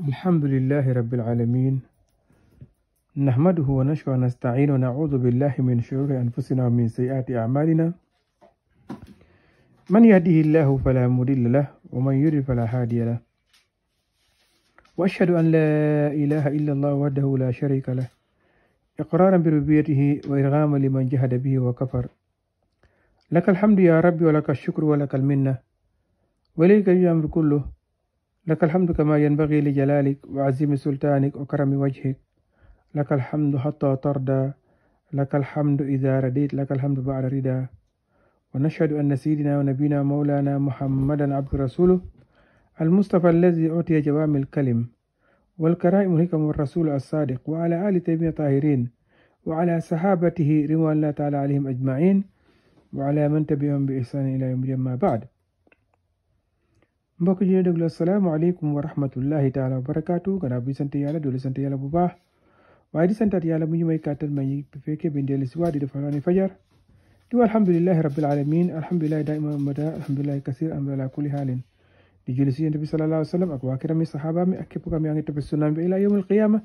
الحمد لله رب العالمين نحمده ونشكر ونستعين ونعوذ بالله من شرور أنفسنا ومن سيئات أعمالنا من يهده الله فلا مضل له ومن يضلل فلا هادي له وأشهد أن لا إله إلا الله وحده لا شريك له إقرارا بربوبيته وإرغاما لمن جهد به وكفر لك الحمد يا ربي ولك الشكر ولك المنة وليك الأمر كله لك الحمد كما ينبغي لجلالك وعزيم سلطانك وكرم وجهك لك الحمد حتى ترضى لك الحمد إذا رديت لك الحمد بعد رضا ونشهد أن سيدنا ونبينا مولانا محمدا عبد رسوله المصطفى الذي أعطي جوام الكلم والكرائم الحكم والرسول الصادق وعلى آل تيمية الطاهرين وعلى صحابته رضوان الله تعالى عليهم أجمعين وعلى من تبعهم بإحسان إلى يوم الدين بعد mbokk ji ne déglu asalaamaaleykum wa rahmatullahi taala wa barakaatu gannaaw bi sant yàlla doole sant yàlla bu baax waaye di santaat yàlla mu ñu may kàttan may ñi fekkee bi ndeelu si waa di dafa naani fajar di wa alhamdulilahi rabbil alamin alhamdulilahi daiman abada alhamdulilahi kasir amdala kulli halin ديجلسي النبي صلى الله عليه وسلم اكو اكرم الصحابه مي اكيبو كام يانغي تبي سنان الى يوم القيامه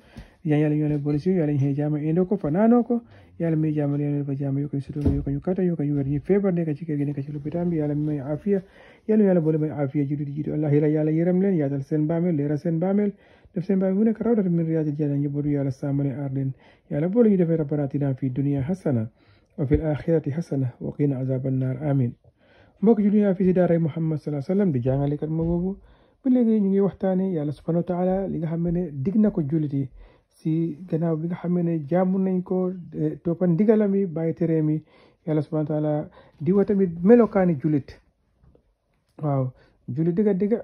يا يالي يوني بوليسي يالي هي جام اندوكو فنانوكو يالي مي جام يوني بجام يوك سيتو يوك يوك كاتا يوك يوري فيبر نيكا جيكا غيني كاتا لو بيتام يالي مي عافيه يالي يالي بولي مي عافيه جيدو جيدو الله يلا يالي يرم لين يادل سين بامل ليرا سين بامل دف سين بامل ونك راود من رياض الجنه يبرو يالي سامري اردن يالي بولي دفي ربنا في الدنيا حسنه وفي الاخره حسنه وقنا عذاب النار امين mbokk julli naa fi si daaray Muhammad salaa sallam di jàngalekat ma boobu ba léegi ñu ngi waxtaane yàlla subhanahu wa taala li nga xam ne dig na ko jullit si gannaaw bi nga xam ne jaamu nañ ko e, toppan ndigalam yi bàyyi tereem yi yàlla di wa tamit melokaani jullit waaw jullit dëgga dëgga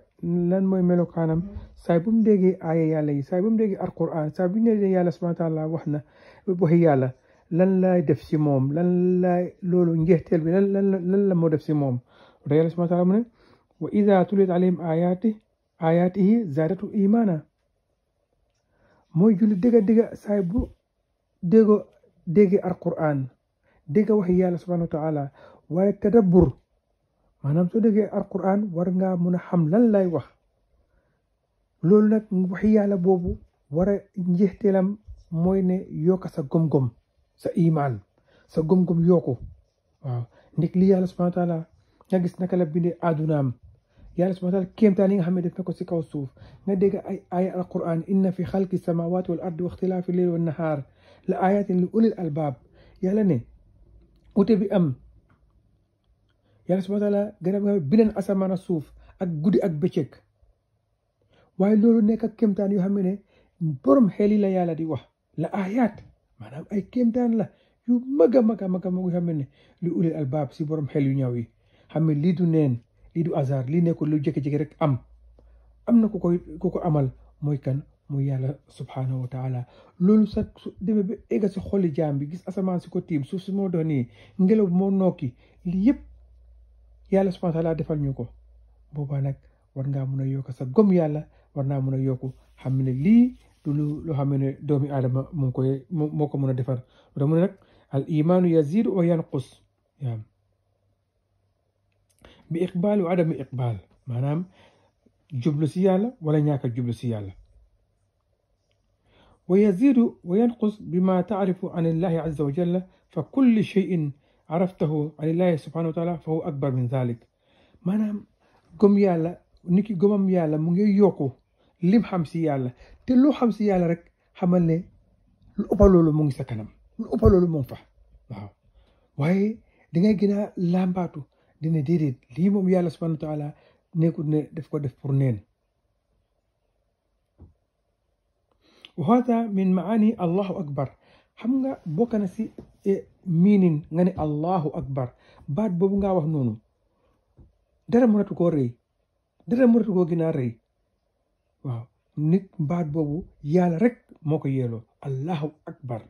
lan mooy melokaanam saay bu mu déggee aaya yàlla yi saay bu mu déggee alquran saay bu ñu yàlla subhanahu wax na yàlla lan laay def si moom lan laay loolu njeexteel bi lan lan lan la moo def si moom te yàlla subhaanahu wa taala tuliyat alayhim zaadatu imaana mooy juli dëgga dëgga saay bu déggoo dégge alquran dégga wax yàlla subhaanahu wa taala waaye tadabbur maanaam soo déggee alquran war ngaa mun a xam lan lay wax loolu nag wax yàlla boobu war a njeexteelam mooy ne yokk sa gom sa iman sa gum gum yoko waaw nek li yàlla subhanahu wa taala nga gis naka la bindé àddunaam yàlla subhanahu wa taala kéemtaan yi nga xamé def nako ci kaw suuf nga dégg ay ay alquran inna fi khalqi samawati wal ardi wa ixtilaafi layli wan nahar la ayatin li ulil albab yàlla ne ute bi am yàlla subhanahu wa taala gannaaw nga xam bineen asamaan suuf ak guddi ak beccëk waye lolu nek ak kéemtaan yo xamné borom xéli la yàlla di wax la ayat maanaam ay kéemtaan la yu mag a mag a mag a mag xam ne li ulil albaab si borom xel yu ñaaw yi xam ne lii du neen lii du hasard lii nekkul lu jékki-jékki rek am am na ku koy ku ko amal mooy kan muy yàlla subhaanahu wa taala loolu sax su demee ba egg si xolli jaam bi gis asamaan si ko tiim suuf si moo doon nii ngelaw moo nokki lii yëpp yàlla subhaanahu wa taala defal ñu ko boobaa nag war ngaa mun a yokk sa gom yàlla war naa mun a yokku xam ne lii du lu loo xam ne doomi aadama mu ngi koy moo ko mën a defar da mu ne nag al imaanu yazidu wa yanqus yaam bi iqbaal wa adami iqbaal maanaam jublu si yàlla wala ñàkk a jublu si yàlla wa yazidu wa yanqus bima taarifu an illahi azza wa jalla fa kulli cheyin araftahu an illahi subhanahu wa taala fa huwa akbar min dalik maanaam gëm yàlla niki gëmam yàlla mu ngi yokku lim xam si yàlla te loo xam si yàlla rek xamal ne lu ëpp loolu mu ngi sa kanam lu ëpp loolu fa waaye dangay gën a làmbaatu dina déedéet lii moom yàlla subhanahu wa taala nekkul ne daf ko def pour neen wa hada min maani allahu akbar xam nga bokk na si e, miinin nga ne allahu akbar baat boobu nga wax noonu dara mënatu koo rëy dara mënatu waaw nit baat boobu yàlla rek moo ko yeloo allahu akbar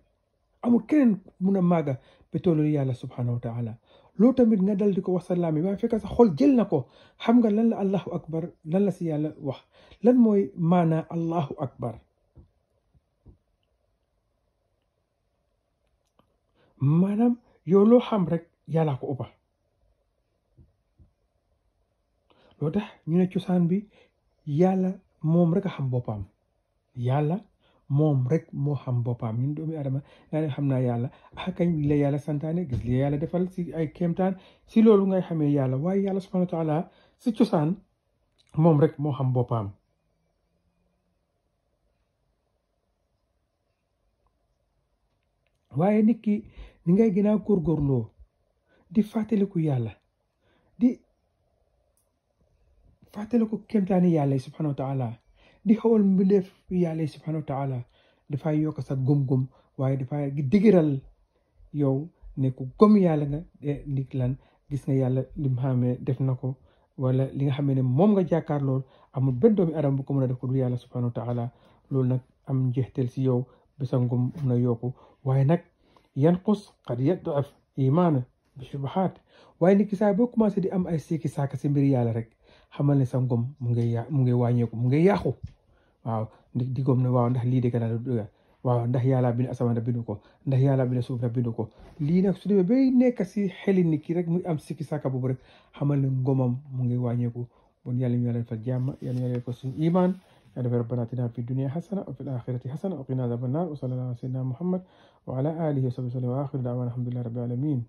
amul kenn mun a màgga ba tollu yàlla subhanahu wa taala loo tamit nga dal di ko wax sa laami waaye fekk sa xol jël na ko xam nga lan la allahu akbar lan la si yàlla wax lan mooy maanaa allahu akbar maanaam yow xam rek yàlla ko ubba loo tax ñu ne cosaan bi yàlla moom rek a xam boppam yàlla moom rek moo xam boppam ñun doomi adama yaa xam naa yàlla ah kañ la yàlla santaane gis li yàlla defal si ay kéemtaan si loolu ngay xamee yàlla waaye yàlla subhanahu wa taala si cosaan moom rek moo xam boppam waaye nit ki ni ngay gën a góorgóorloo di fàttaliku yàlla di fàttale ko kéemtaani yàlla subhanahu wa taala di xawal mbindeef yàlla subhanahu wa taala dafay yokk sa gëm-gëm waaye di dafay digiral yow ne ku gëm yàlla nga ndik lan gis nga yàlla li mu def na ko wala li nga xam ne moom nga jàkkaar lool amul benn doomi adam bu ko mën a def ko du yàlla subhanahu wa taala loolu nag am njeexteel si yow ba sa ngëm mën a waaye nag yanqus qad yadaf imaana bi shubahaat waaye nit saa boo commencé di am ay sikki saaka si mbir yàlla rek xamal ne sa ngom mu ngay mu ngay wañe ko mu ngay yaxu waaw di gom ne waaw ndax li de ka naa waaw ndax yàlla bin asamaan bindu ko ndax yàlla bin suuf bindu ko li nak su demee bay nek ci xeli nit ki rek muy am sikki saka bu rek xamal ne ngomam mu ngay wañe ko bon yàlla ñu yàlla fa jàmm yàlla ñu yàlla ko suñu iman yàlla defal rabbana atina fi dunya hasana wa fil akhirati hasana wa qina adhaban nar wa sallallahu ala sayyidina muhammad wa ala alihi wa sahbihi wa sallam wa axiru daawana alhamdulillahi rabbil alamin